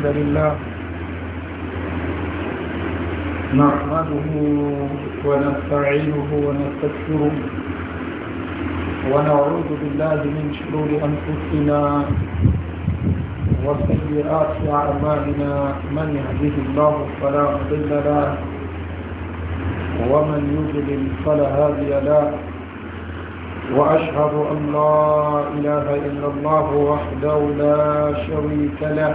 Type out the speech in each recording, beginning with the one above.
الحمد لله نحمده ونستعينه ونستكثره ونعوذ بالله من شرور أنفسنا وسيئات أعمالنا من يهديه الله فلا مضل له ومن يضلل فلا هادي له وأشهد أن لا إله إلا الله وحده لا شريك له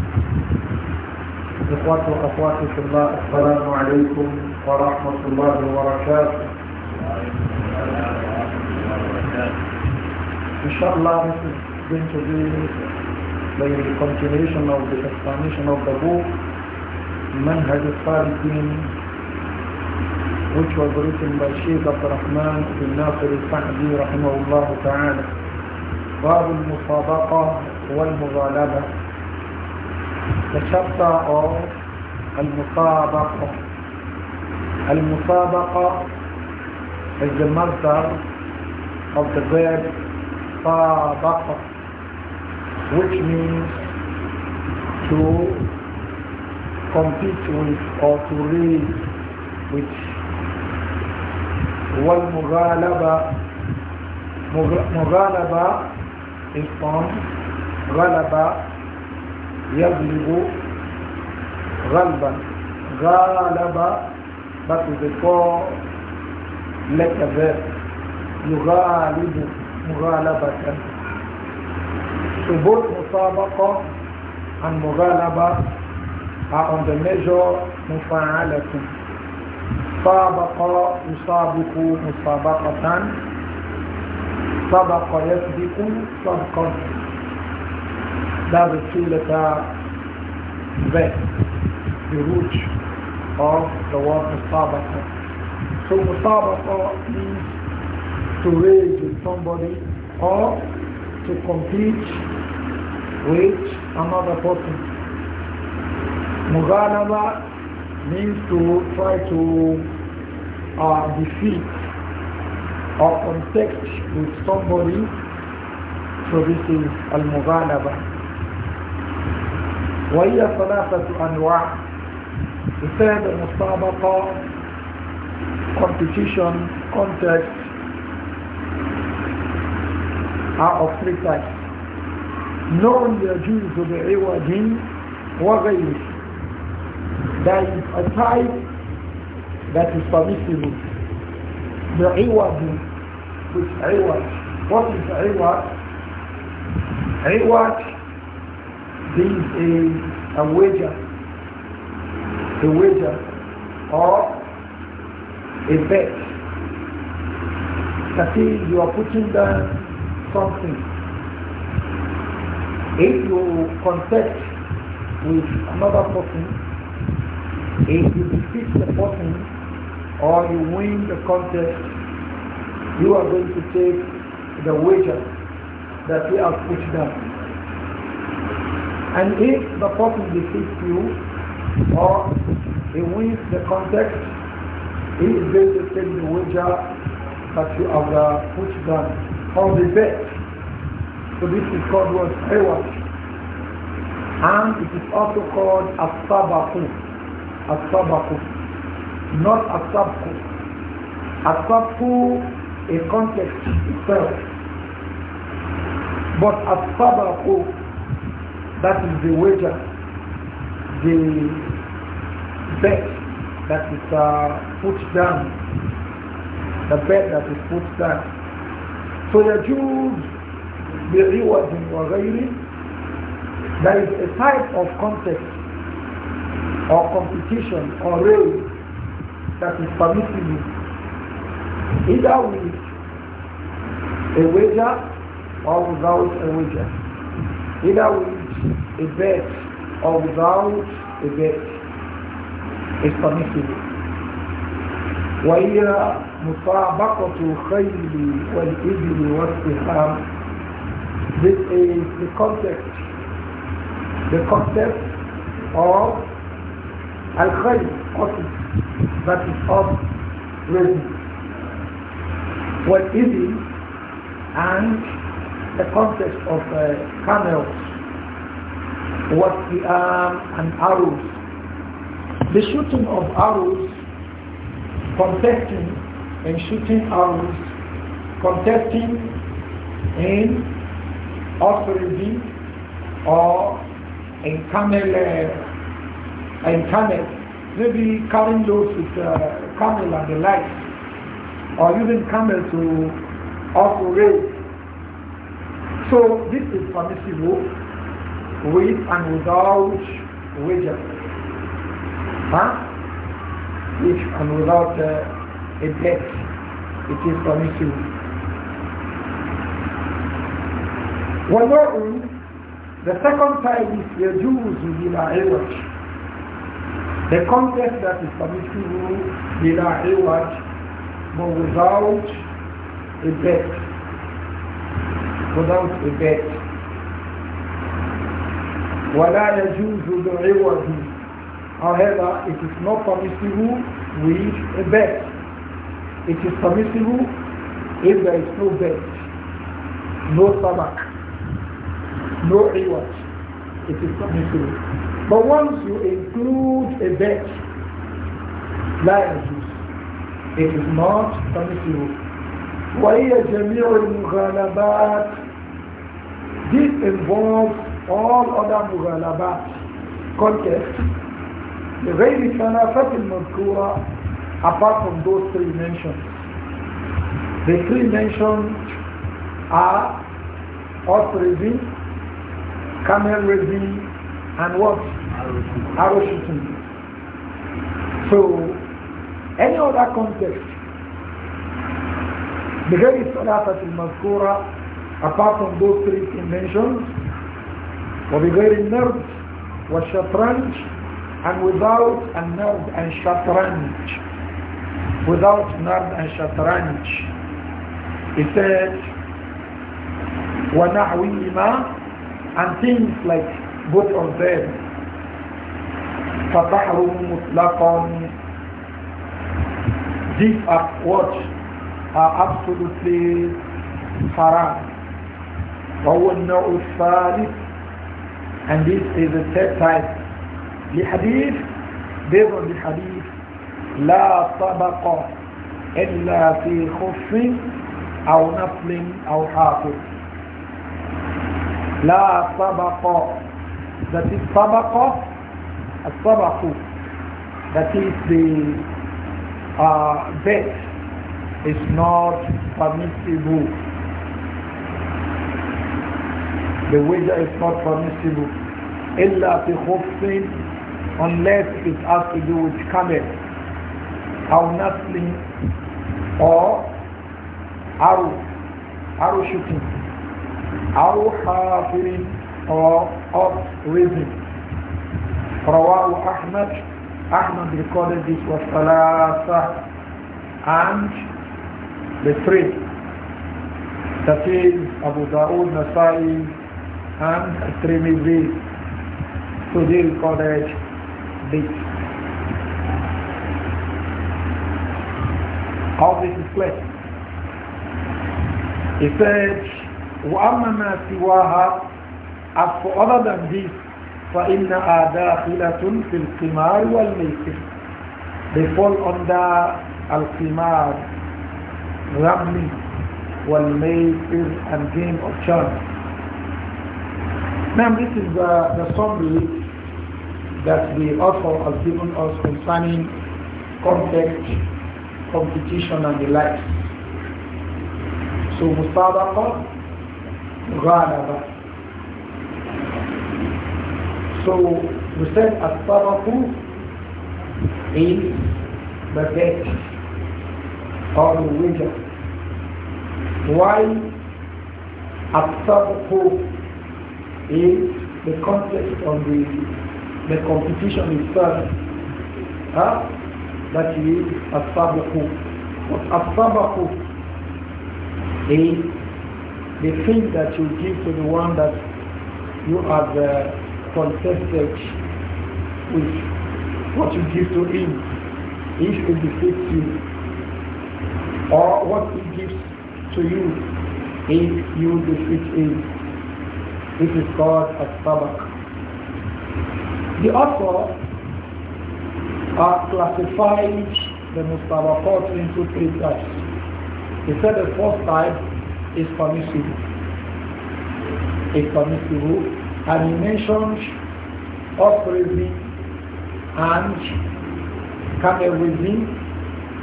إخواتي وأخواتي في الله السلام عليكم ورحمة الله وبركاته إن شاء الله this is going to be the continuation of the explanation of the book منهج الصالحين which was written by Sheikh Abdurrahman bin Nasir al-Sa'di رحمه الله تعالى باب المصادقة والمغالبة the chapter of Al-Musabaqah. Al-Musabaqah is the master of the verb Sabaqah, which means to compete with or to race with. والمغالبة مغالبة is from غلبة يغلب غلبا غالب بس with لك ذات يغالب مغالبة ثبوت مسابقة عن مغالبة are on measure مفاعلة سابق يسابق مسابقة سبق يسبق سبق. that's a two-letter bet, the root of the word musabaqa. So musabaqa means to raise with somebody or to compete with another person. Mughanaba means to try to uh, defeat or contest with somebody. So this is al-mughanaba. وهي ثلاثة أنواع He said المسابقة competition context" are of three types نوع يجوز بعوج وغيره that is a type that is permissible the عوج with عوج What is عوج? عوج this is a wager, a wager or a bet. That is, you are putting down something. If you contest with another person, if you defeat the person or you win the contest, you are going to take the wager that we have put down. And if the person deceives you or he wins the contest, he is going to take the wager that you have uh, put down on the bet. So this is called what reward. And it is also called asabaku. Asabaku. Not asabku. Asabku, a context itself. But asabaku that is the wager, the bet that is uh, put down, the bet that is put down. So the Jews, the reward in Wagairi, there is a type of contest or competition or race that is permissible either with a wager or without a wager. Either with a bed or without a bed is permissible. وهي مسابقة الخيل والإبل والسهام This is the context, the concept of al-khayl, horses, that is of reason. What is it? And the context of uh, camels, what the arm and arrows. The shooting of arrows, contesting and shooting arrows, contesting in authority or in camel, uh, in camel, maybe carrying those with uh, camel and the like, or using camel to offer raise. So this is permissible with and without wager. Huh? With and without uh, a debt, it is permissible. وَمَرْءٌ The second type is يَجُوزُ بِلَا عِوَجْ The contest that is permissible بِلَا عِوَجْ but without a debt, Without a debt. وَلَا يَجُوزُ بِعِوَضِ However, it is not permissible with a bet. It is permissible if there is no bet, no sabak, no reward. It is permissible. But once you include a bet, لا It is not permissible. وهي جميع المغالبات. This involves all other مغالبات context لغير ثلاثة المذكورة apart from those three mentions, The three mentions are horse raising, camel raising, and what? Arrow So, any other context, بغير الصلاة المذكورة apart from those three inventions. وبغير النرد والشطرنج and without a nerd and shatranj without nerd and shatranj he said ونحوهما and things like both of them فتحرم مطلقا these are what are absolutely haram وهو النوع الثالث and this is a third type. The hadith, based on the hadith, لا طبق إلا في خف أو نفل أو حافظ لا طبق that is طبق الطبق that is the uh, bed is not permissible the wager is not permissible. إلا في خبز unless it has to do with camel أو نسل or arrow arrow shooting أو حافر or ox raising رواه أحمد أحمد recorded this was ثلاثة and the three that is Abu Dawood, Nasai, and Tirmidhi. So they recorded this. How this is clear? He said, وَأَمَّا مَا سِوَاهَا As for other than this, فَإِنَّهَا دَاخِلَةٌ فِي الْقِمَارِ وَالْمَيْسِرِ They fall under al-qimar, ramli, wal-maysir, and game of chance. Ma'am, this is the, uh, the summary that the author has given us concerning context, competition and the like. So Mustafa, Ghalaba. So we said is the bet or the wager. Why Astabaqu in the context of the, the competition itself. Huh? That is asabaku. What asabaku is the thing that you give to the one that you have uh, contested with. What you give to him, if he defeats you, or what he gives to you, if you defeat him. This is called a sabak. The author uh, classified the mustabakot into three types. He said the first type is permissible. Is permissible, and he mentioned uprising and with raising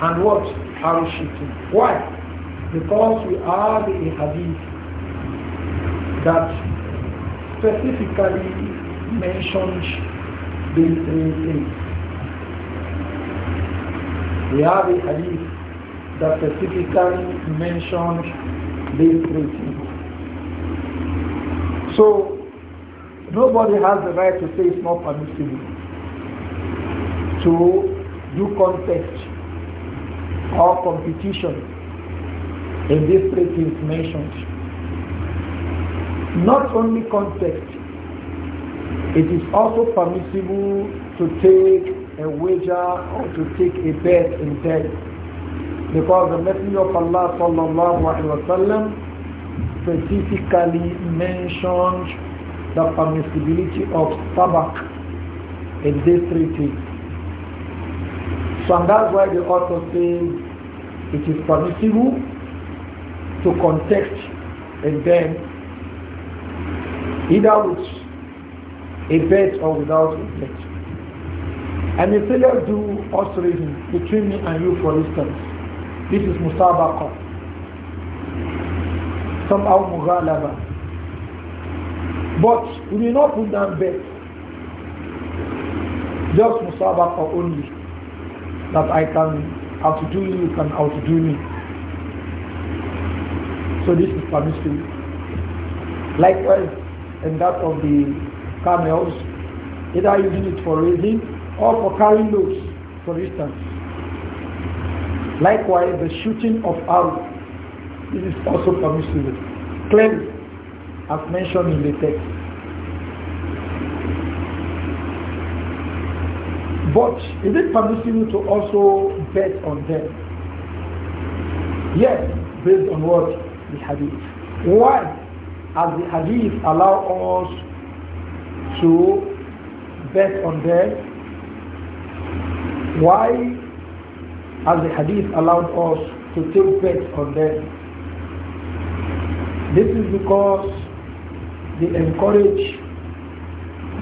and what? Parachuting. Why? Because we are the hadith that specifically mentioned these three things. We have a hadith that specifically mentioned these three things. So nobody has the right to say it's not permissible to do contest or competition in these three things mentioned not only context, it is also permissible to take a wager or to take a bet in Because the Messenger of Allah sallallahu alayhi wa sallam specifically mentioned the permissibility of tabak in this treaty. So and that's why the author says it is permissible to contest and then Either with a bet or without a bet. And if they do altering between me and you, for instance, this is musabaqa. Somehow mughalaba. But we will not put down bet. Just musabaqa only. That I can outdo you, you can outdo me. So this is permissible. Likewise, and that of the camels, either using it for raising or for carrying loads, for instance. Likewise, the shooting of arrows, is also permissible, clearly, as mentioned in the text. But is it permissible to also bet on them? Yes, based on what? The hadith. Why? as the hadith allow us to bet on them? Why has the hadith allowed us to take bets on them? This is because they encourage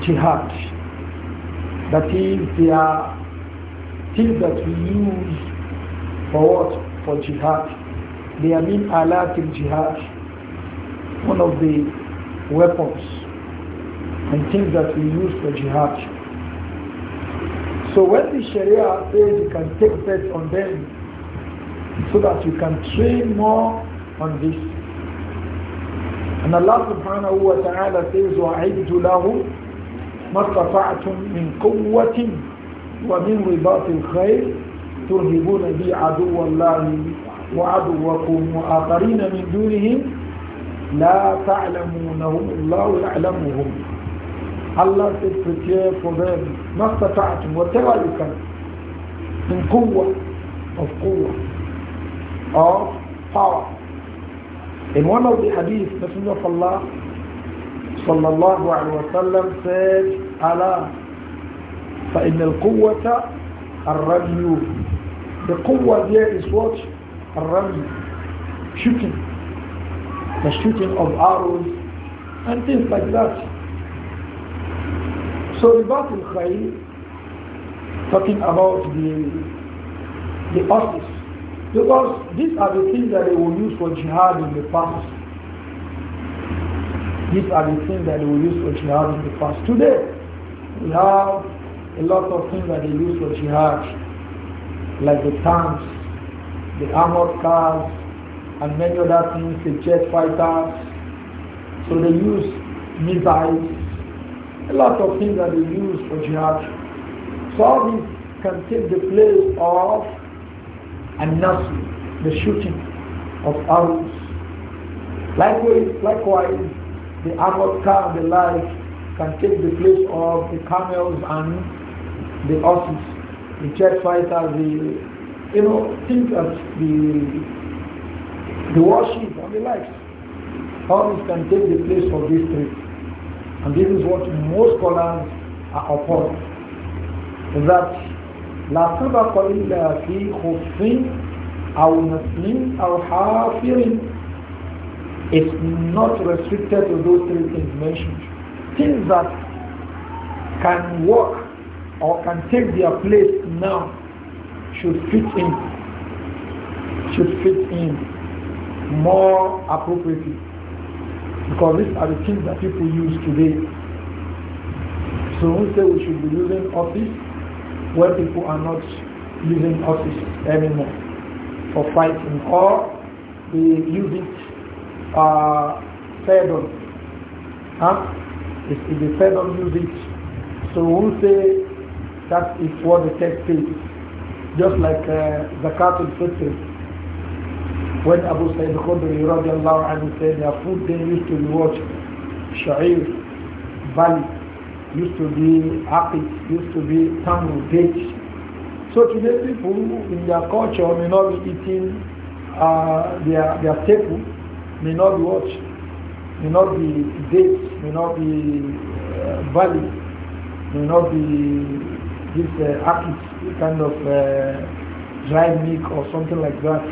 jihad. That is, they are things that we use for what? For jihad. They are Allah to jihad one of the weapons and things that we use for jihad. So when the Sharia says you can take bets on them so that you can train more on this. And Allah subhanahu wa ta'ala says, وَعِدْتُ لَهُمْ ما من قوة ومن رباط الخير ترهبون بي عدو الله وعدوكم وآخرين من دونهم لا تعلمونهم الله يعلمهم الله تتكيف وبين ما استطعتم وتوالكا من قوة of power of power in one of the hadith the Messenger of Allah صلى الله عليه وسلم said على فإن القوة الرمي the قوة there is what الرمي shooting the shooting of arrows, and things like that. So ribat al-khayl, talking about the, the horses, because these are the things that they will use for jihad in the past. These are the things that they will use for jihad in the past. Today, we have a lot of things that they use for jihad, like the tanks, the armored cars, and many other things, the jet fighters. So they use missiles, a lot of things that they use for jihad. So all these can take the place of and not the shooting of arrows. Likewise, likewise, the armored car and the like can take the place of the camels and the horses, the jet fighters, the you know, think of the the worship and the likes. All this can take the place of these three. And this is what most scholars are upon. That لا سبق إلا في خف أو نسل أو حافر is not restricted to those three things mentioned. Things that can work or can take their place now should fit in. Should fit in more appropriately. Because these are the things that people use today. So we say we should be using office where people are not using office anymore for fighting or they use it uh, seldom. Huh? If, if they seldom use it. So we say that is what the text says. Just like uh, Zakat al when Abu Sa'id al-Khudri said their food then used to be what? Sha'ir, Bali, used to be Aqid, used to be Tamru, Date. So today people in their culture may not be eating uh, their, their staple, may not be what? May not be dates, may not be uh, Bali, may not be this uh, Aqid, kind of uh, dry meat or something like that.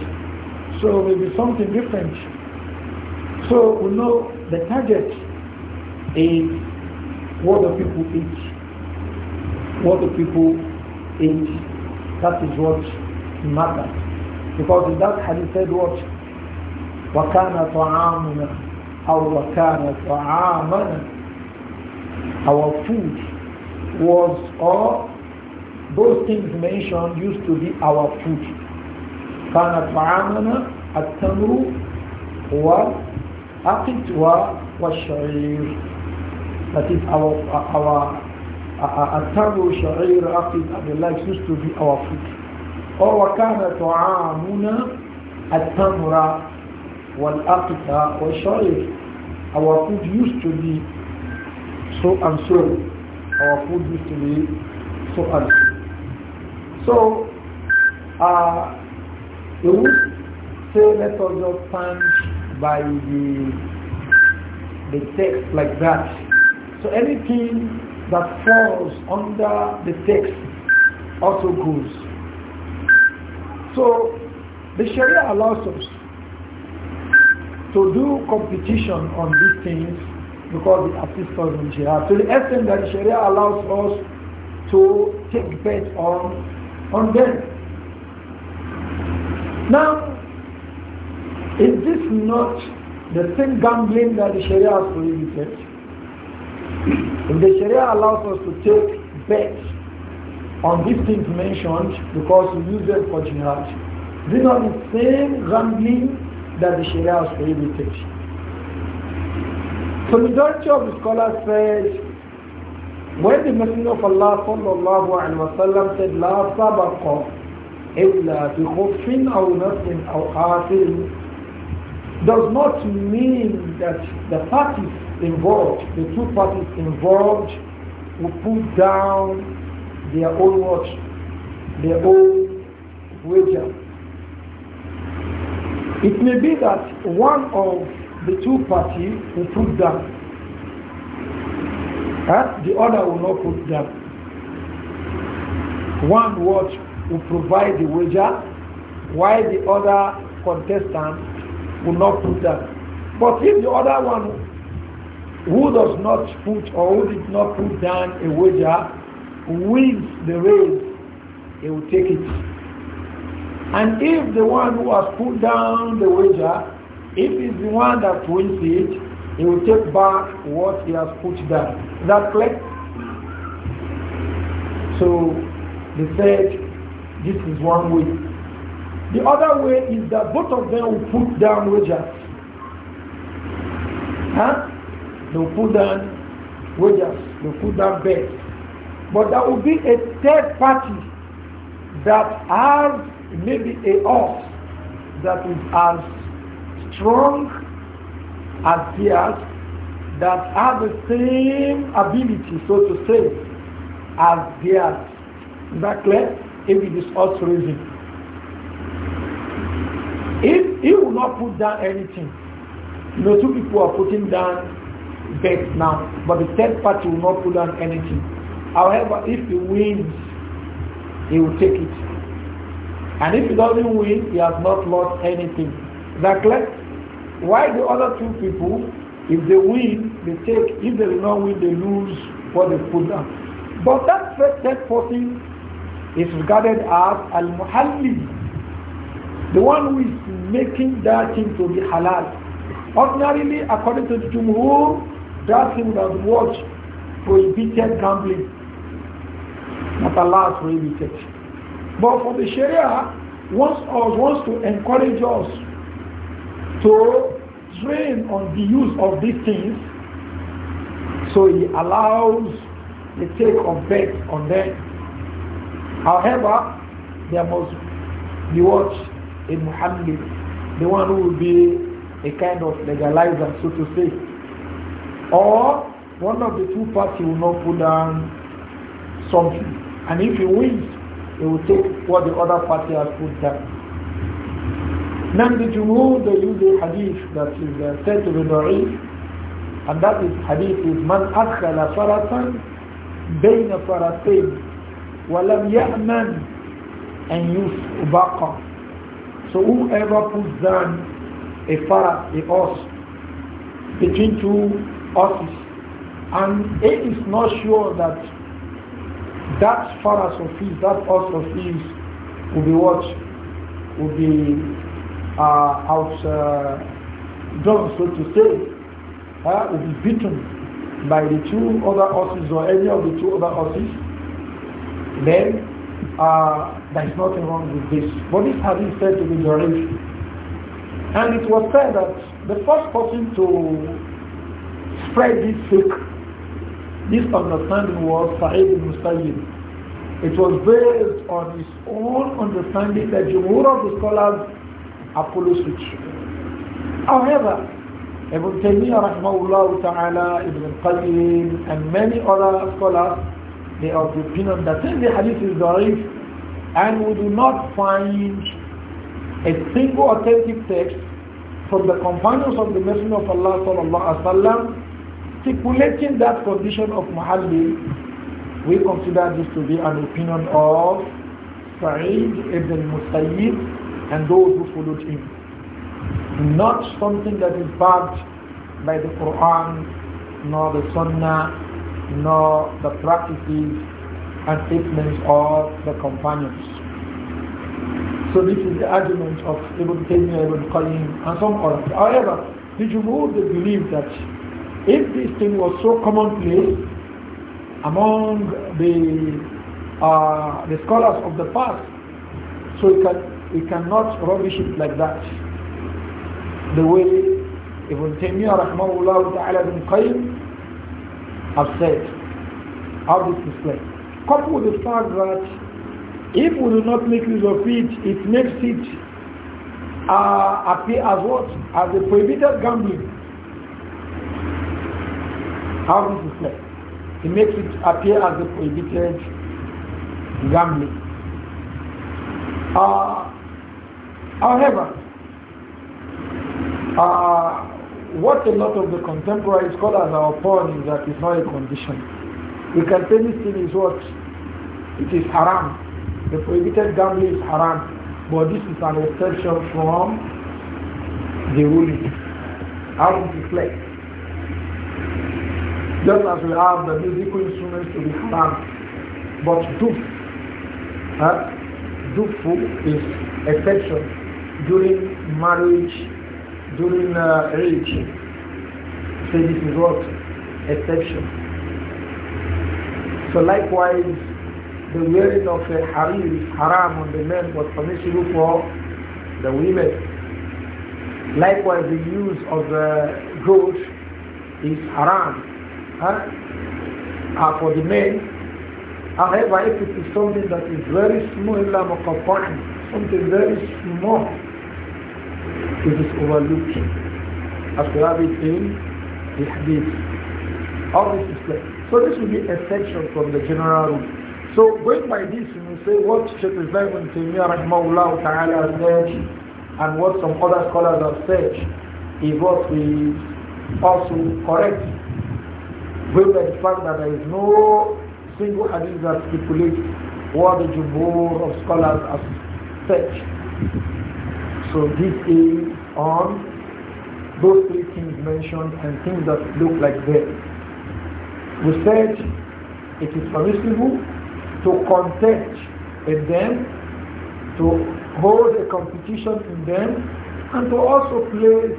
So maybe something different. So we know the target is what the people eat. What the people eat. That is what matters. Because in that hadith said what? وَكَانَ طَعَامُنَا أَوْ وَكَانَ طَعَامَنَا Our food was or those things mentioned used to be our food. كَانَ طَعَامَنَا التمر هو أقد والشعير that is our our التمر شعير أقد and the like used to be our food أو كان طعامنا التمر والأقد والشعير our food used to be so and so our food used to be so and so so uh, the so let us just stand by the, the text like that. So anything that falls under the text also goes. So the Sharia allows us to do competition on these things because it assists us in Sharia. To the extent that the Sharia allows us to take bet on on them. Now is this not the same gambling that the Sharia has prohibited? If the Sharia allows us to take bets on these things mentioned because we use them for jihad, these are the same gambling that the Sharia has prohibited. So majority of the scholars says when the Messenger of Allah sallallahu alaihi wasallam said, "La sabaqa illa bi khufin aw nafsin aw does not mean that the parties involved, the two parties involved, will put down their own watch, their own wager. It may be that one of the two parties will put down, and the other will not put down. One watch will provide the wager, while the other contestant will not put that. But if the other one who does not put or who did not put down a wager wins the race, he will take it. And if the one who has put down the wager, if it's the one that wins it, he will take back what he has put down. Is that correct? So they said this is one way the other way is that both of them will put down wages. Huh? They'll put down wages, they'll put down beds. But there will be a third party that has maybe a horse that is as strong as theirs, that has the same ability, so to say, as theirs. Is that clear? If it is horse raising. He will not put down anything. You know, two people are putting down bets now, but the third party will not put down anything. However, if he wins, he will take it. And if he doesn't win, he has not lost anything. Exactly. Why the other two people, if they win, they take. If they do not win, they lose what they put down. But that third person is regarded as al-muhalli, the one who is making that thing to be halal. Ordinarily, according to the Jumhur, that thing was what prohibited gambling. Not Allah prohibited. But for the Sharia, wants us wants to encourage us to train on the use of these things. So he allows the take of bets on them. However, there must be watched a muhammad the one who will be a kind of legalizer so to say or one of the two parties will not put down something and if he wins he will take what the other party has put down now the Jumhur they use a hadith that is uh, said to be da'if and that is hadith is man أدخل فرسا بين فرسين ولم يأمن أن يسبق so whoever puts down a far a horse, between two horses, and it is not sure that that farah of his, that horse of his, will be what? Will be uh, out uh, so to say, uh, will be beaten by the two other horses or any of the two other horses, then uh, there is nothing wrong with this. But this hadith said to be derived. And it was said that the first person to spread this fake, this understanding was Sa'id ibn Musayyib. It was based on his own understanding that Jumhur of the scholars are polluted. However, Ibn Taymiyyah rahmahullah ta'ala, Ibn Qayyim and many other scholars of the opinion that since the hadith is da'if and we do not find a single authentic text from the companions of the Messenger of Allah sallallahu alaihi wasallam stipulating that condition of muhalli, we consider this to be an opinion of Sa'id ibn Musayyib and those who followed him. Not something that is backed by the Quran nor the Sunnah nor the practices and statements of the companions. So this is the argument of Ibn Taymiyyah, Ibn Qayyim, and some others. However, you Jumhur they believe that if this thing was so commonplace among the uh, the scholars of the past, so it can we cannot rubbish it like that. The way Ibn Taymiyyah, Rahmahullah al Ibn Qayyim, have said, how this is said. Coupled with the fact that if we do not make use of it, it makes it uh, appear as what? As a prohibited gambling. How this is said. It makes it appear as a prohibited gambling. Uh, however, uh, what a lot of the contemporary scholars are upon is that it's not a condition. We can say this thing is what? It is haram. The prohibited gambling is haram. But this is an exception from the ruling. How to play. Just as we have the musical instruments to be haram. But doof, huh? dooful is exception during marriage during uh, Eid. Say this is what? Exception. So likewise, the wearing of a harir is haram on the men but permissible for the women. Likewise, the use of the uh, goat is haram huh? uh, for the men. However, if it is something that is very small, something very small, it is overlooked overlooking. After have it in the hadith. All this is clear. So this will be essential from the general rule. So going by this, we say what Sheikh Islam ibn Taymiyyah rahmahullah ta'ala said and what some other scholars have said is what we also correct. With the fact that there is no single hadith that stipulates what the jumhur of scholars have said. So this is on those three things mentioned and things that look like this. We said it is permissible to contest in them, to hold a competition in them, and to also place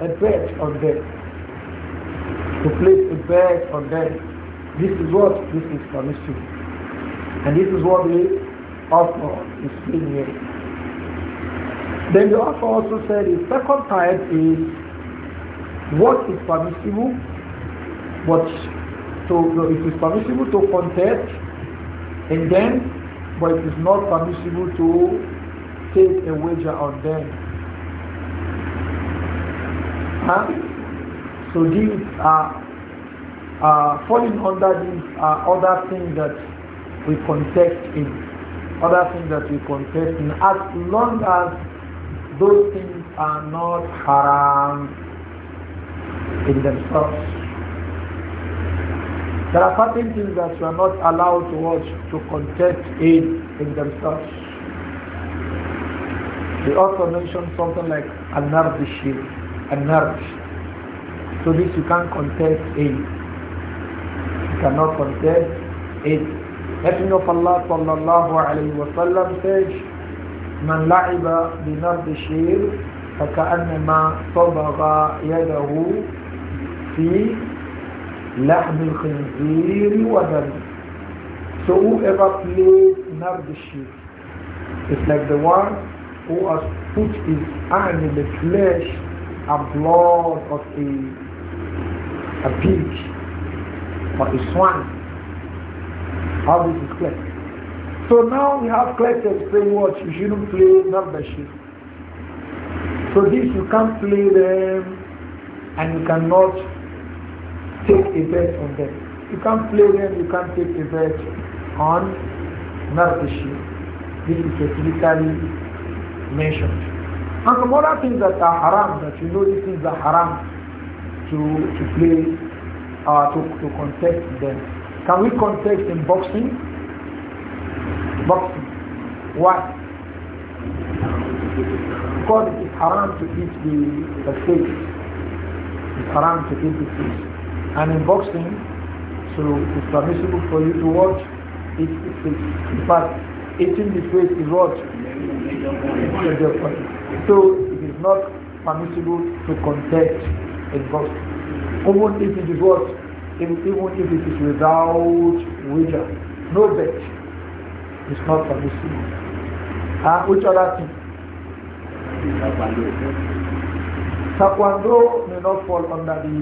a bet on them. To place a bet on them. This is what this is permissible. And this is what the author is saying here. Then the author also said the second type is what is permissible, What so it is permissible to contest, and then, but it is not permissible to take a wager on them. Huh? So these are falling under these other things that we contest in, other things that we contest in, as long as those things are not haram in themselves. There are certain things that you are not allowed to watch to contest in in themselves. They also mentioned something like anardishi, anardish. So this you can't contest in. You cannot contest it. Messenger of Allah sallallahu alayhi wa sallam says, من لعب بنبض الشير فكأنما صبغ يده في لحم الخنزير ودم So whoever plays Nardashir, it's like the one who has put his hand in the flesh and blood of a, a pig or a swan. How this is clear. So now we have collected. text saying what you shouldn't play membership. So this you can't play them and you cannot take a bet on them. You can't play them, you can't take a bet on membership. This is specifically mentioned. And some other things that are haram, that you know these things are haram to, to play, uh, to, to contest them. Can we contest in boxing? boxing. what? Because it is haram to eat the, the fish. It's haram to eat the fish. And in boxing, so it's permissible for you to watch it, it, it, in fact, eating the fish is what? So it is not permissible to contest in boxing. Even if it is what? Even if it is without wager, no bet. It's not permissible. Ah, which other thing? Taekwondo may not fall under the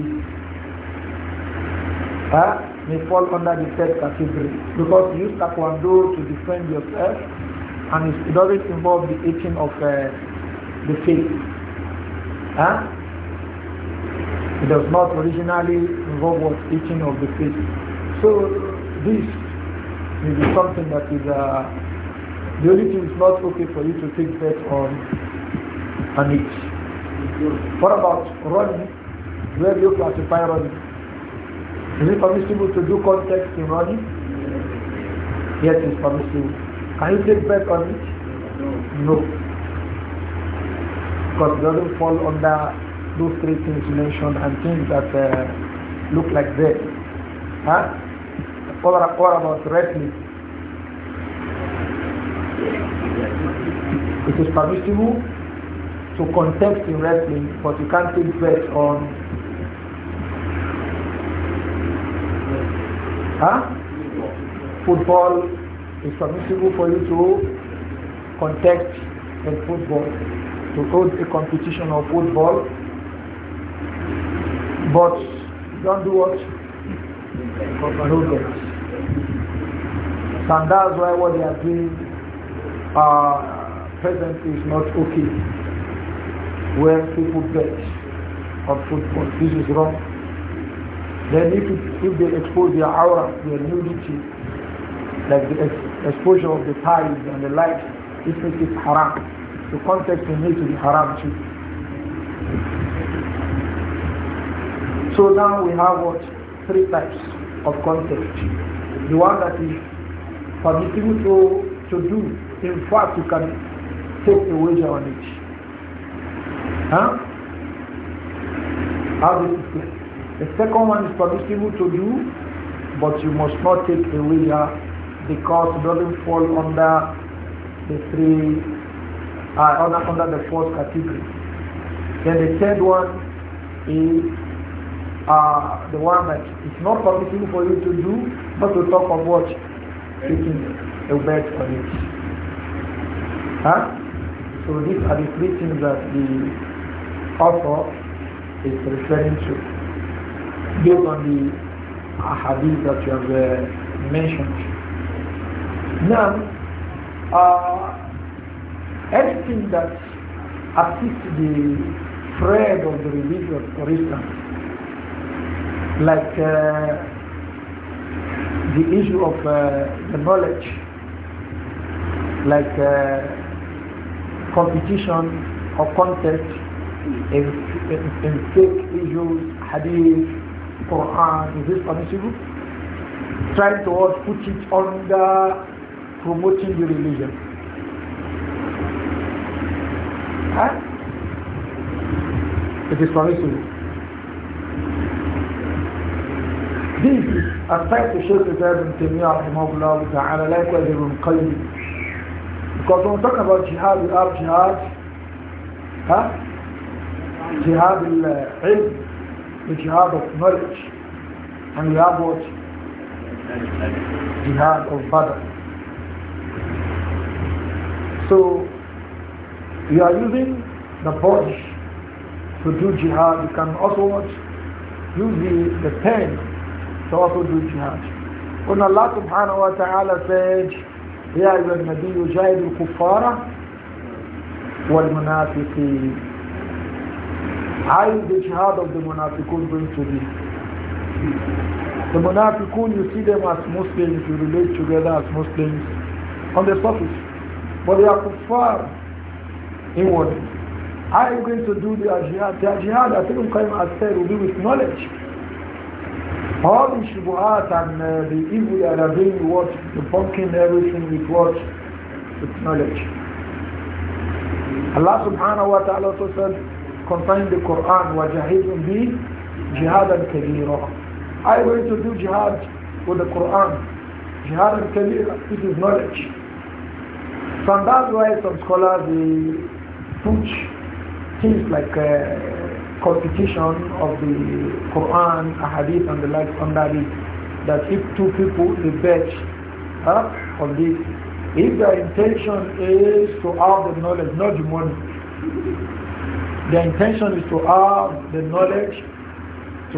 Ah, may fall under the third category because you use taekwondo to defend yourself and it doesn't involve the eating of uh, the fish. Ah, It does not originally involve what eating of the fish. So this this is something that is uh, the only thing is not okay for you to take bet on an it. What about running? Where do you classify running? Is it permissible to do context in running? Yes, it's permissible. Can you take bet on it? No. Because it doesn't fall under those three things mentioned and things that uh, look like that. Huh? What, about wrestling? It is permissible to contest in wrestling, but you can't take bets on. Huh? Football is permissible for you to contest in football, to hold a competition of football, but don't do what? And that's why what they are doing uh, presently is not okay. Where people bet on football, this is wrong. They need to, if they expose their aura, their nudity, like the ex exposure of the thighs and the likes, this makes it haram. The context will need to be haram too. So now we have what? Three types of context. The one that is permissible to, to do. In fact, you can take a wager on it. Huh? How The second one is permissible to do, but you must not take a wager because it doesn't fall under the three, uh, under, under the fourth category. Then the third one is uh, the one that is not permissible for you to do, but to talk of what taking a bet on it. Huh? So these are the three things that the author is referring to based on the hadith that you have uh, mentioned. Now, uh, anything that assists the spread of the religion, for instance, like uh, the issue of uh, the knowledge, like uh, competition or contest in, in, in fake issues, hadith, Quran, is this permissible? Trying to put it under promoting the religion. Huh? It is permissible. This is to Shaykh Ibn Taymiyyah rahimahullah ta'ala, likewise Ibn Qayyim. Because when we talk about jihad, we have jihad, huh? jihad al-ilm, the jihad of knowledge, and we have what? Jihad of battle. So, we are using the body to do jihad. You can also use the, the pen to also do jihad. When Allah subhanahu wa ta'ala said, يا أيها النبي جاهد الكفار والمنافقين How is the jihad of the munafiqun going to be? The munafiqun, you see them as Muslims, you relate together as Muslims on the surface. But they are kuffar inwardly. How are you going to do the jihad? The jihad, I think Qayyim has said, will be with knowledge. All the shubuhat and uh, the evil that are doing what? Debunking everything with what? With knowledge. Allah subhanahu wa ta'ala also said "Confine the Quran, وَجَهِدٌ bi جِهَادًا كَبِيرًا I going to do jihad with the Quran. Jihad and Kabir, it is knowledge. From that way, some scholars they teach things like uh, Competition of the Quran, Hadith and the like under it. That if two people debate huh, on this, if their intention is to have the knowledge, not the money, their intention is to have the knowledge,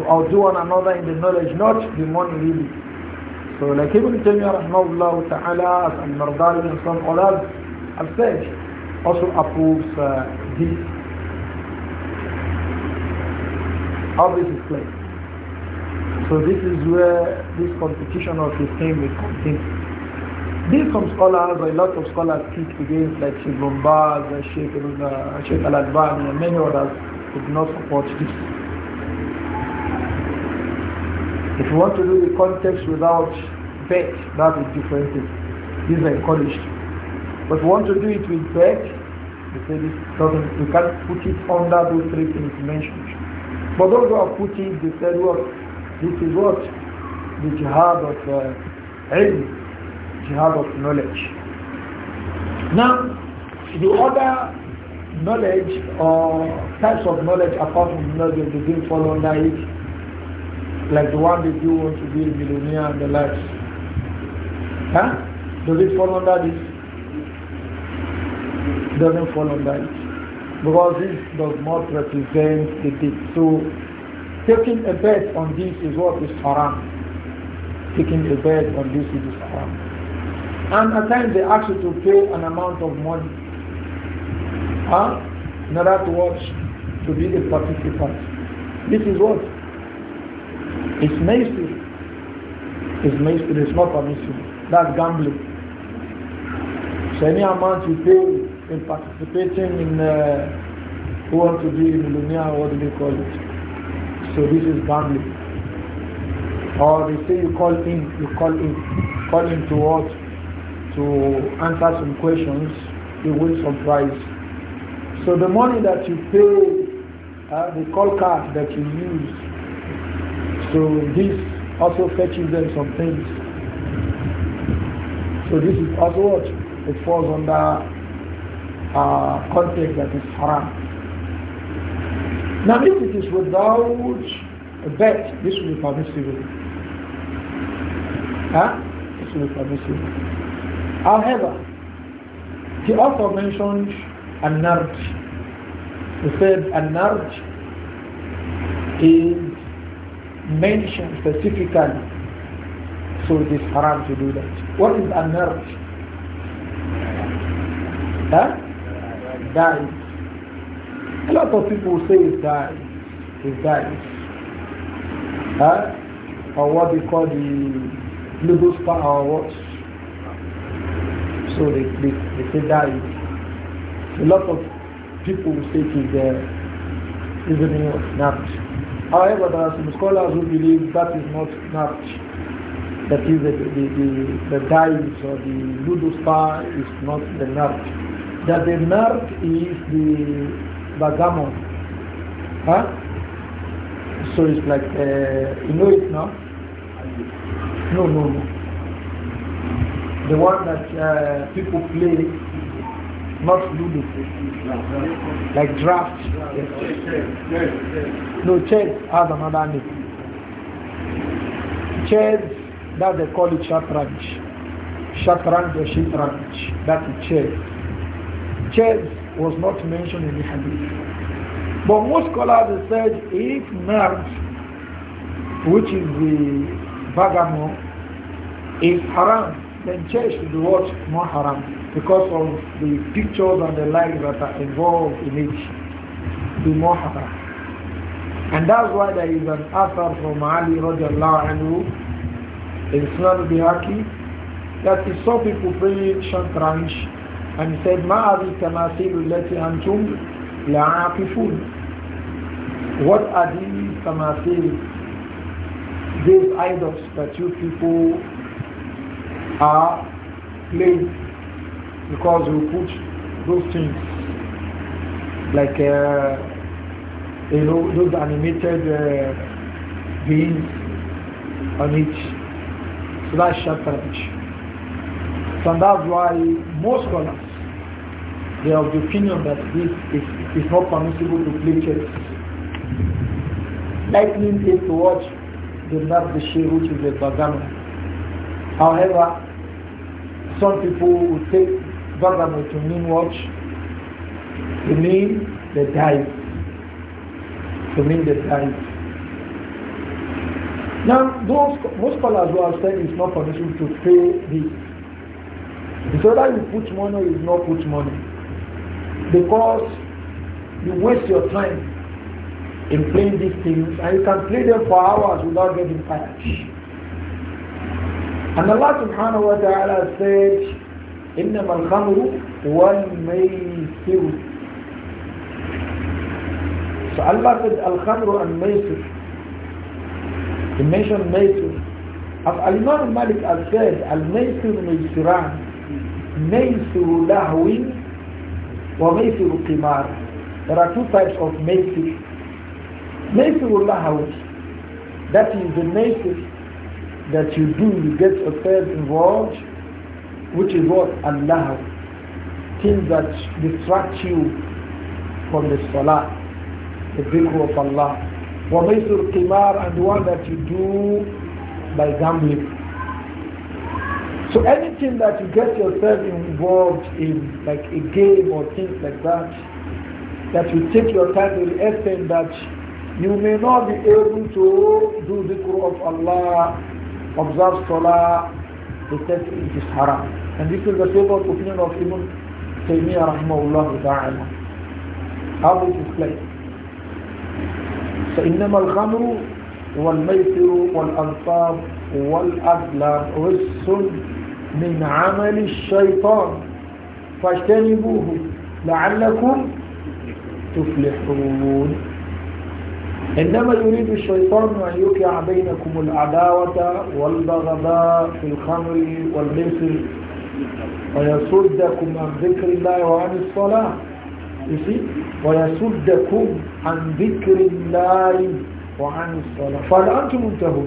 to outdo one another in the knowledge, not the money really. So like Ibn Taymiyyah rahmahullah ta'ala and Mardari and some others have said, also approves uh, this How this is played. So this is where this competition of the thing will continue. These some scholars, a lot of scholars speak against like Sheikh Bombaz, Sheikh, uh, Sheikh Adban, and many others who do not support this. If you want to do the context without bet, that is different. This is encouraged. But if you want to do it with bet, you say this doesn't, you can't put it under those three things mentioned. But those who are put the third word, This is what? The jihad of uh, jihad of knowledge. Now, the other knowledge or types of knowledge apart from knowledge they didn't follow under it, like the one that you want to be a millionaire and the likes. Huh? Does it fall under this? It doesn't fall under it because this does not represent the deed. So taking a bet on this is what is haram. Taking a bet on this is haram. And at times they ask you to pay an amount of money huh? in order to watch, to be a participant. This is what? It's mystery. It's mystery. It's not permissible. That's gambling. So any amount you pay in participating in uh, who wants to be in Lunia, what do they call it? So this is gambling. Or they say you call in, you call in, call in to what? To answer some questions, you win some prize. So the money that you pay, uh, the call card that you use, so this also fetches them some things. So this is also what? It falls under Context uh, conflict that is haram. Now if it is without a bet, this will be permissible. Huh? This will be permissible. However, he also mentioned an nard. He said an nard is mentioned specifically, so it is haram to do that. What is an nard? Huh? died. A lot of people say it's died. It died. Huh? Or what they call the Lubus power what? So they, they, they say died. A lot of people say it is there. Is the meaning of napped. However, there are some scholars who believe that is not napped. That is the, the, the, the or the ludus is not the napped that the narc is the bergamot. Huh? So it's like, uh, you know it now? No, no, no. The one that uh, people play, not ludo, like draft. No, chess has the name. Chess, that they call it shatranj. Shatranj or shatranj, that is chess chest was not mentioned in the hadith. But most scholars said if nard, which is the vagabond, is haram, then chest should be what? More haram because of the pictures and the light that are involved in it. Be more haram. And that's why there is an author from Ali radiallahu anhu in Sunan Bihaki that he saw people praying Shantaranj and he said, مَا هَذِي التَّمَاثِيلُ الَّتِي أَنْتُمْ لَعَاكِفُونَ What are these tamathil, these idols that you people are playing? Because you put those things like, uh, you know, those animated uh, beings on each. slash that's shatranj. And that's why most scholars, they are of the opinion that this is, is not permissible to play chess. Lightning is to watch the not the share which is a bagano. However, some people will take bagano to mean watch, to mean the dice, to mean the dice. Now, those, most scholars who are saying it's not permissible to play this, it's whether you put money or you not put money. Because you waste your time in playing these things and you can play them for hours without getting tired. And Allah subhanahu wa ta'ala said, إنما الخمر والميسر So Allah said الخمر and He mentioned ميسر Al-Imam Malik has said, Al-Maysir ميسر لهو وميسر قمار There are two types of maisir. Maisir lahw, that is the maisir that you do, you get affairs involved, which is what? Allah. Things that distract you from the salah, the dhikr of Allah. Wa maisir and the one that you do by gambling. So anything that you get yourself involved in, like a game or things like that, that you take your time to the extent that you may not be able to do the Quran of Allah, observe Salah, the text is haram. And this is the favorite opinion of Ibn Taymiyyah rahimahullah ta'ala. How this is played. فإنما الخمر والميسر والأنصاب والأزلام والسلم من عمل الشيطان فاجتنبوه لعلكم تفلحون إنما يريد الشيطان أن يوقع بينكم العداوة والبغضاء في الخمر والميسر ويصدكم عن ذكر الله وعن الصلاة ويصدكم عن ذكر الله وعن الصلاة فهل أنتم منتهون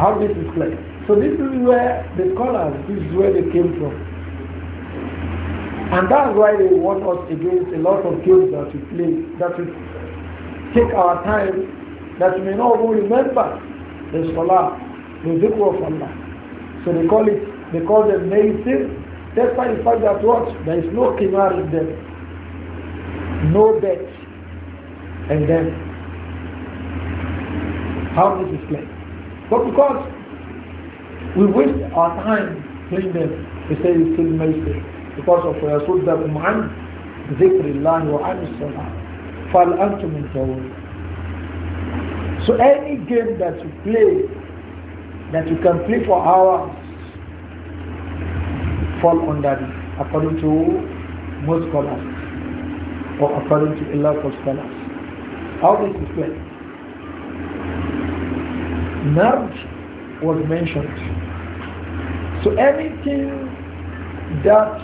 How this is played. So this is where the scholars, this is where they came from. And that's why they warn us against a lot of games that we play, that we take our time, that we may not even remember the Salah, the Zikr of Allah. So they call it, they call them That's why the fact that what? There is no qimar in them, no debt and then How this is played. But because we waste our time playing them, they say it's still master. Because of يَصُدَّكُمْ عَنْ ذِكْرِ اللَّهِ وَعَنِ الصَّلَاةِ فَالْأَنْتُمْ انْتَهُونَ So any game that you play, that you can play for hours, fall under this, according to most scholars, or according to a lot of scholars. How this is played? Nard was mentioned. So anything that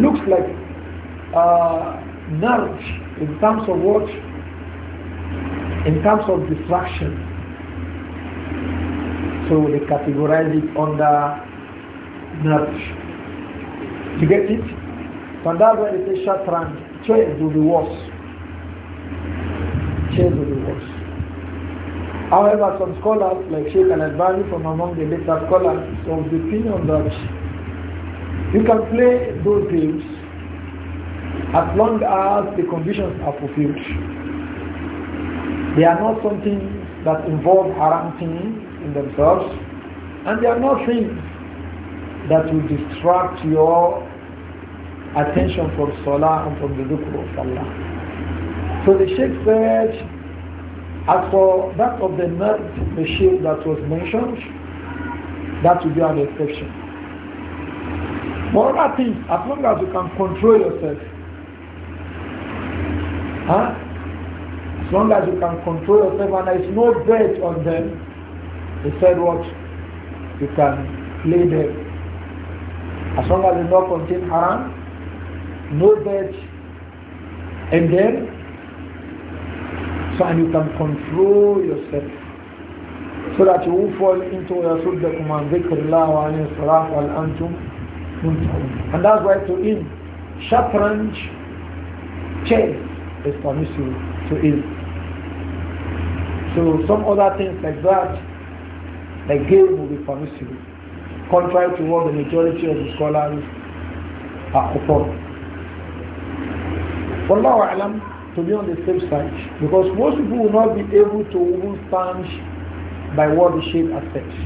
looks like uh, in terms of what? In terms of distraction. So they categorize it under nerd. You get it? So that's why they say shatran. Chairs will be worse. Chairs will be worse. However, some scholars like Sheikh Al-Albani from among the later scholars of the opinion that you can play those games as long as the conditions are fulfilled. They are not something that involve haram things in themselves and they are not things that will distract your attention from Salah and from the dhikr of Allah. So the Sheikh said as for that of the nerd, the sheep that was mentioned, that will be an exception. But other things, as long as you can control yourself, huh? as long as you can control yourself and there is no bet on them, they said what? You can play them. As long as they don't contain harm, no bet, and then so, and you can control yourself so that you won't fall into يَصُدَّكُمْ عَنْ ذِكْرِ اللَّهِ وَعَنِ الصَّلَاةِ وَالْأَنْتُمْ مُنْتَهُونَ And that's why to eat shatranj, chess is permissible to eat. So some other things like that, like game will be permissible, contrary to what the majority of the scholars are upon. Wallahu alam, to be on the safe side because most people will not be able to even stand by what the shape affects.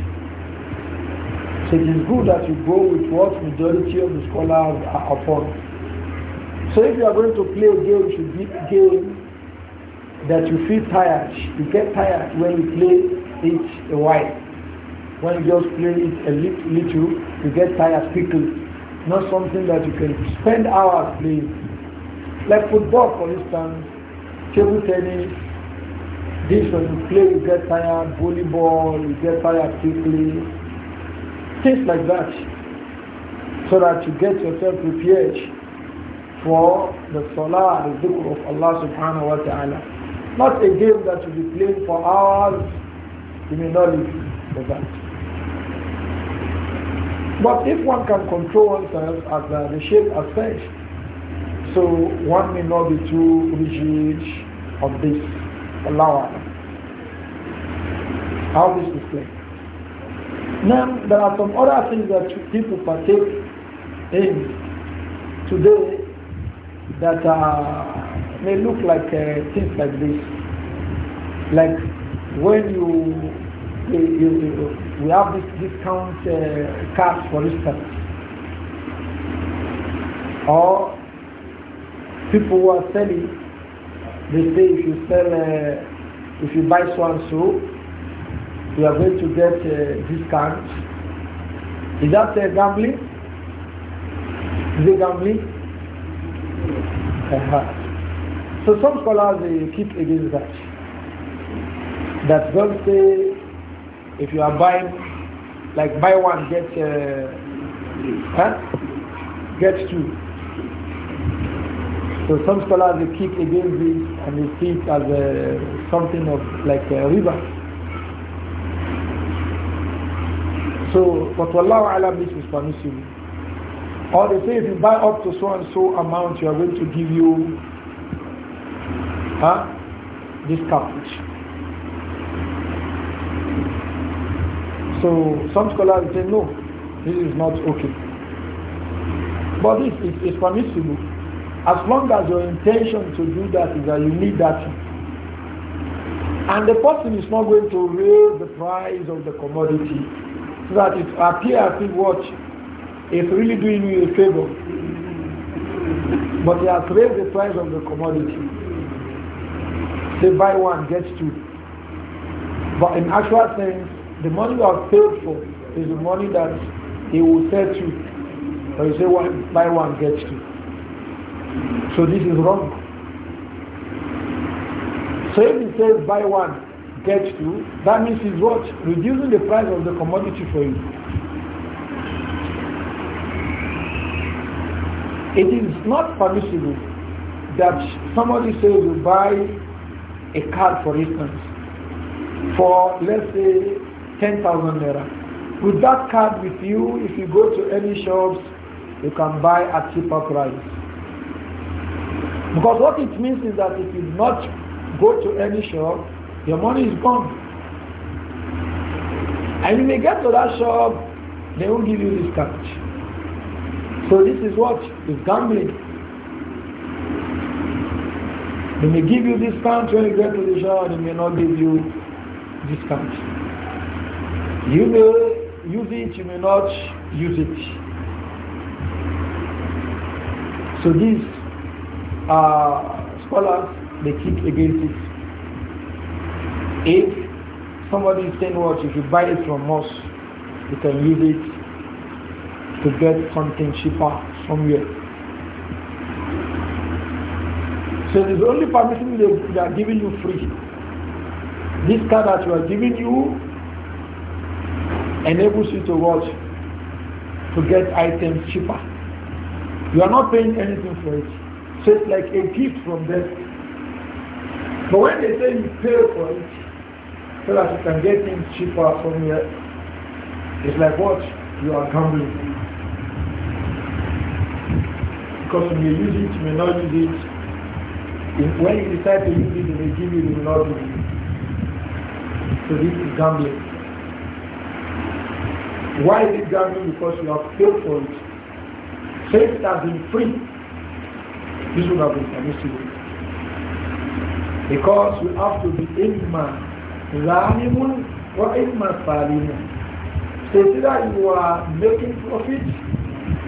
So it is good that you go with what majority of the scholars are upon. So if you are going to play a game, you should be a game that you feel tired. You get tired when you play it a while. When you just play it a little, you get tired quickly. Not something that you can spend hours playing. Like football, for instance, table tennis, this when you play, you get tired, volleyball, you get tired quickly, things like that. So that you get yourself prepared for the salah and the dhikr of Allah subhanahu wa ta'ala. Not a game that you be playing for hours, you may not live for that. But if one can control oneself as uh, the Sheikh has said, so one may not be too rigid on this. Allah. How this is played. Now, there are some other things that people partake in today that uh, may look like uh, things like this. Like when you, you, you, you we have this discount uh, cards, for instance, or people who are selling, they say if you sell, uh, if you buy so and so, you are going to get a uh, discount. Is that a uh, gambling? Is it gambling? Uh-huh. So some scholars they keep against that. That God say if you are buying, like buy one get, uh, huh? get two. So some scholars they kick against this and they see it as a, uh, something of like a river. So, but Allah, Alam this is permissible. Or they say if you buy up to so and so amount, you are going to give you huh, discount. So some scholars say no, this is not okay. But this is permissible. As long as your intention to do that is that you need that And the person is not going to raise the price of the commodity so that it appears as if what is really doing you a favor. But he has raised the price of the commodity. Say buy one, get two. But in actual sense, the money you have paid for is the money that he will sell to. or you say one, buy one, get two. So this is wrong. So if he says buy one, get two, that means he's what? Reducing the price of the commodity for you. It is not permissible that somebody says you buy a card for instance for let's say 10,000 naira. With that card with you, if you go to any shops, you can buy at cheaper price. Because what it means is that if you not go to any shop, your money is gone. And you may get to that shop, they won't give you this cash. So this is what is gambling. They may give you discount when you get to the shop, they may not give you discount. You may use it, you may not use it. So this uh, scholars, they kick against it. If somebody is saying what, if you buy it from us, you can use it to get something cheaper somewhere. So it is only permission they, they are giving you free. This card that we are giving you enables you to watch to get items cheaper. You are not paying anything for it. Just it's like a gift from them. But when they say you pay for it, so that you can get things cheaper from here, it's like what? You are gambling. Because you may use it, you may not use it. when you decide to use it, they may give you, they will not give you. So this is gambling. Why is it gambling? Because you have paid for it. Faith has been free this would have been permissible. Because we have to be i am going zalimun or i am going salimun. So either you are making profit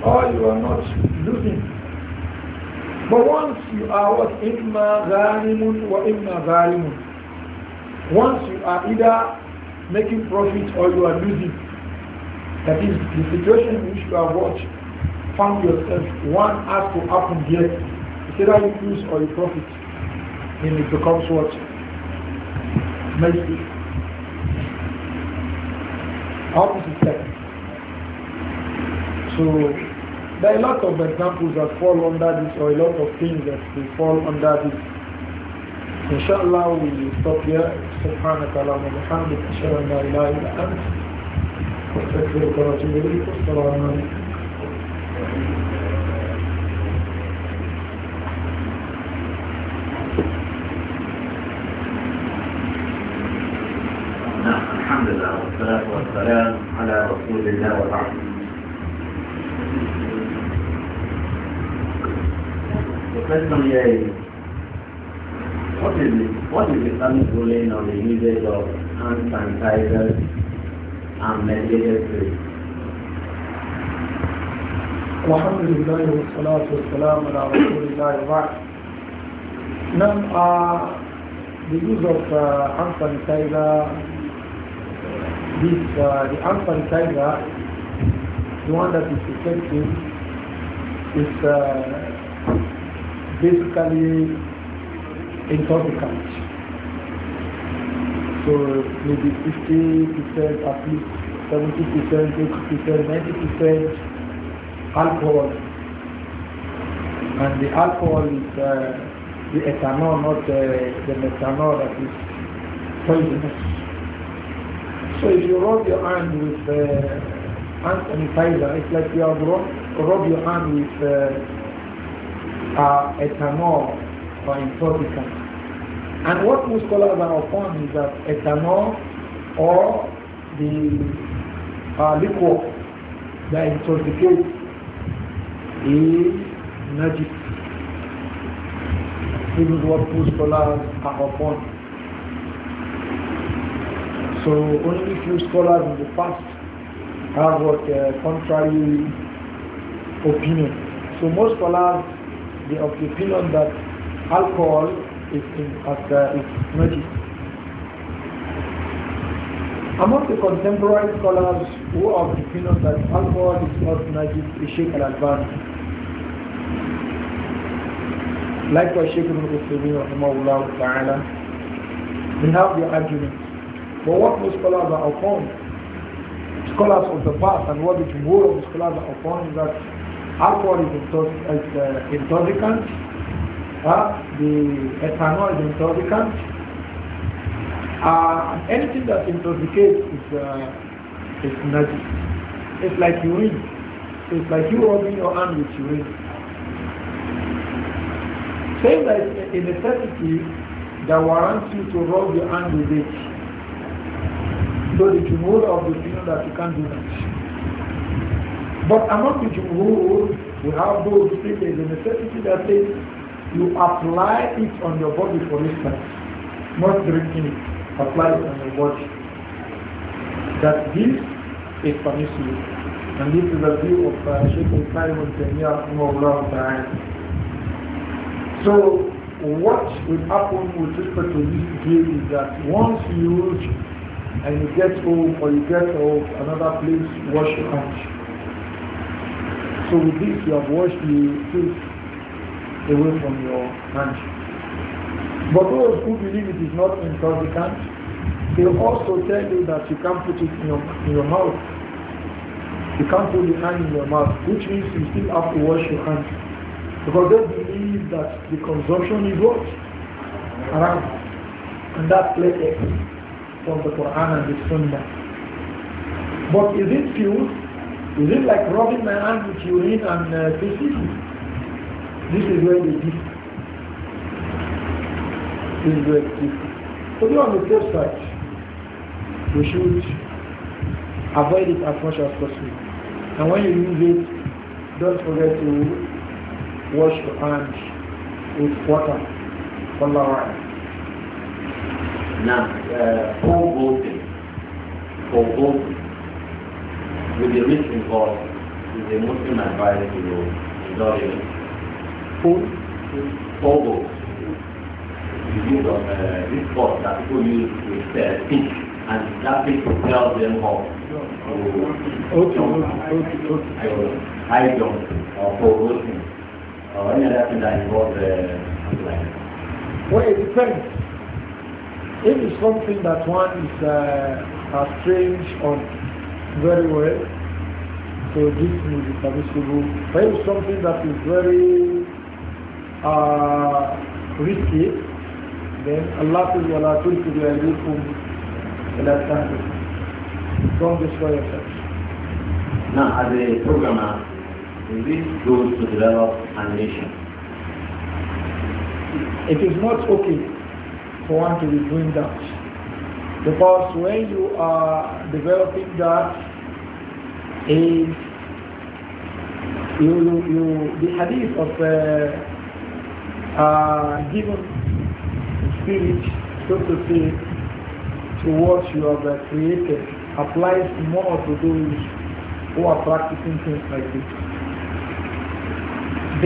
or you are not losing. But once you are what i am going zalimun or i am going zalimun, once you are either making profit or you are losing, that is the situation in which you have what found yourself, one has to happen here either you lose or you profit, then it becomes what? Mercy. How is it So there are a lot of examples that fall under this or a lot of things that will fall under this. Inshallah we will stop here. سبحانك اللهم وبحمدك أشهد أن لا إله إلا أنت أستغفرك وأتوب إليك والسلام عليكم والسلام على رسول الله وبعد The what is, the, what is ruling on the usage of hand sanitizers and medicated spirits? الحمد لله والصلاة والسلام على رسول الله وبعد نعم the use of uh, hand sanitizer this, uh, the alpha tiger, the one that is effective, is uh, basically intoxicant. So maybe 50%, at least 70%, 80%, 90% alcohol. And the alcohol is uh, the ethanol, not uh, the methanol that is poisonous. So if you rub your hand with uh, hand it's like you have rub, rub your hand with uh, uh, ethanol or intoxicant. And what most scholars are upon is that ethanol or the uh, that intoxicates is magic. This is what most scholars are upon. So only few scholars in the past have what uh, contrary opinion. So most scholars they of the opinion that alcohol is in as uh, is Among the contemporary scholars who are of the opinion that alcohol is not najis is Sheikh Al-Albani. Likewise, Sheikh Ibn Qusaymin, rahimahullah ta'ala, we have the argument but what most scholars are upon, scholars of the past and what the jumhur of the scholars are upon is that alcohol is, uh, intoxicant, uh, the ethanol is intoxicant, uh, anything that intoxicates is, uh, is energy. It's like urine. It's like you rubbing your hand with urine. Same as in a necessity that warrants you to rub your hand with it so the jumhur of the opinion that you can't do that. But among the jumhur, we have those who say there's a necessity that says you apply it on your body, for instance, not drinking it, apply it on your body. That this is permissible. And this is the view of uh, Sheikh Al-Qaim al-Taymiyah ta'ala. So what will happen with respect to this view is that once you and you get home or you get off another place, wash your hands. So with this you have washed the filth away from your hands. But those who believe it is not intoxicant, they also tell you that you can't put it in your, in your mouth. You can't put your hand in your mouth, which means you still have to wash your hands. Because they believe that the consumption is what? Around. And that's latex from the Quran and the Sunnah. But is it pure? Is it like rubbing my hand with urine and uh, feces? This is where they differ. This is where they differ. So on the safe side. We should avoid it as much as possible. And when you use it, don't forget to wash your hands with water. Wallahu now, uh, poll voting, for voting, with the risk involved, with the Muslim advisor to go indulge in poll, poll vote. The use of uh, this that people use to uh, speech, and that to tell them how to okay, okay, okay. high jump, or poll voting, or any other thing that involves uh, like. Well, it depends. If it's something that one is uh, strange on very well, so this will be permissible. But if it's something that is very uh, risky, then Allah says, to تلكب تُلْكِبْ لَيْلِكُمْ إِلَى التَّهْلِكُ Don't destroy yourself. Now, as a programmer, this goes to develop a nation. It is not okay for one to be doing that. Because when you are developing that, is you, you, you the hadith of uh, uh, given spirit, so to say, to what you have uh, created applies more to those who are practicing things like this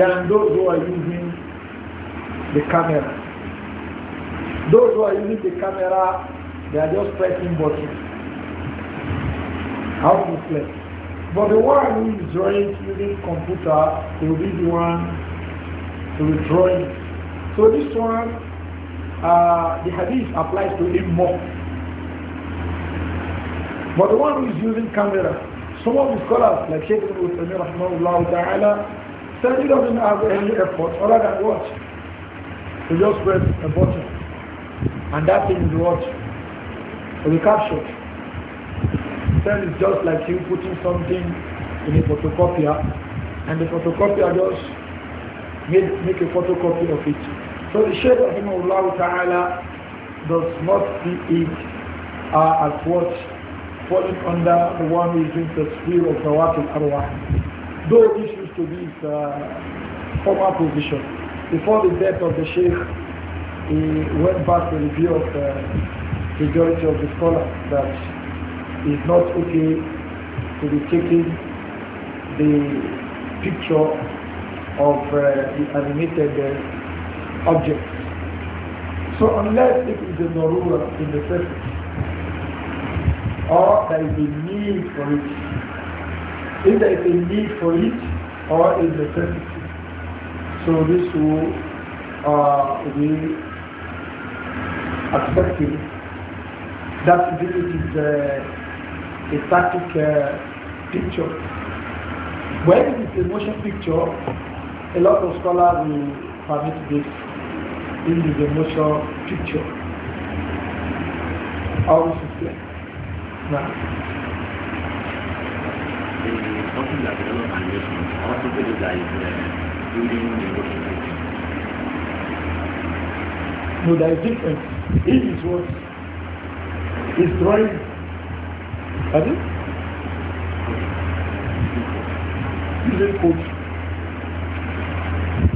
than those who are using the camera those who are using the camera, they are just pressing buttons. How to play. But the one who is drawing using computer will be the one who is drawing. So this one, uh, the hadith applies to him more. But the one who is using camera, some of the scholars like Sheikh Ibn Uthaymeen rahmahullah ta'ala said he doesn't have any effort other than what? To just press a button. And that thing is what? Recaptured. Cell just like you putting something in a photocopier and the photocopier just made, make a photocopy of it. So the Shaykh Rahimahullah Ta'ala does not see it uh, as what falling under the one who is in the sphere of the al arwah. Though this used to be his uh, former position. Before the death of the Sheikh, he went back to the view of uh, the majority of the scholars that it's not okay to be taking the picture of uh, the animated uh, object. So unless it is a narura in the surface, or there is a need for it, if there is a need for it, or in the surface, so this will uh, be accepted that this is a static uh, picture. When it is a motion picture, a lot of scholars will permit this. This the motion picture. How is it Now. animation uh, the motion picture. No, there is difference. It is what is drawing. Pardon? Using coach.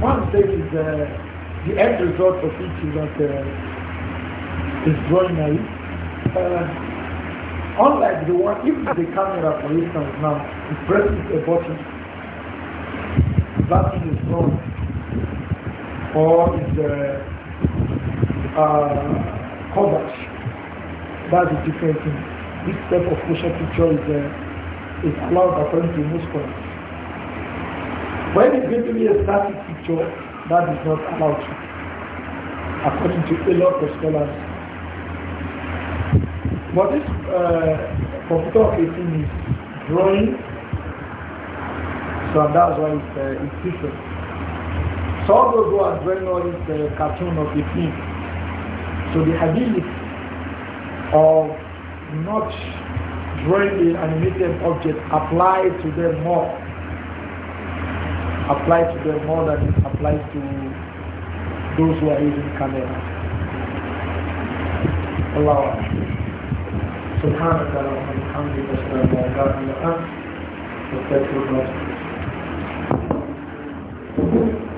One thing is uh, the end result of it is that uh, is drawing a uh, unlike the one, if the camera for instance now it presses a button, that thing is wrong or is uh, uh, covered. That's a different thing. This type of facial picture is, uh, is allowed according to most countries. When it's going to be a static picture, that is not allowed according to a lot of scholars. But this uh, computer is drawing, so that's why it's, uh, it's different. So those who are drawing all this uh, cartoon of the so the ability of not drawing the animated object applies to them more. Applies to them more than it applies to those who are using camera. Allah. سبحانك اللهم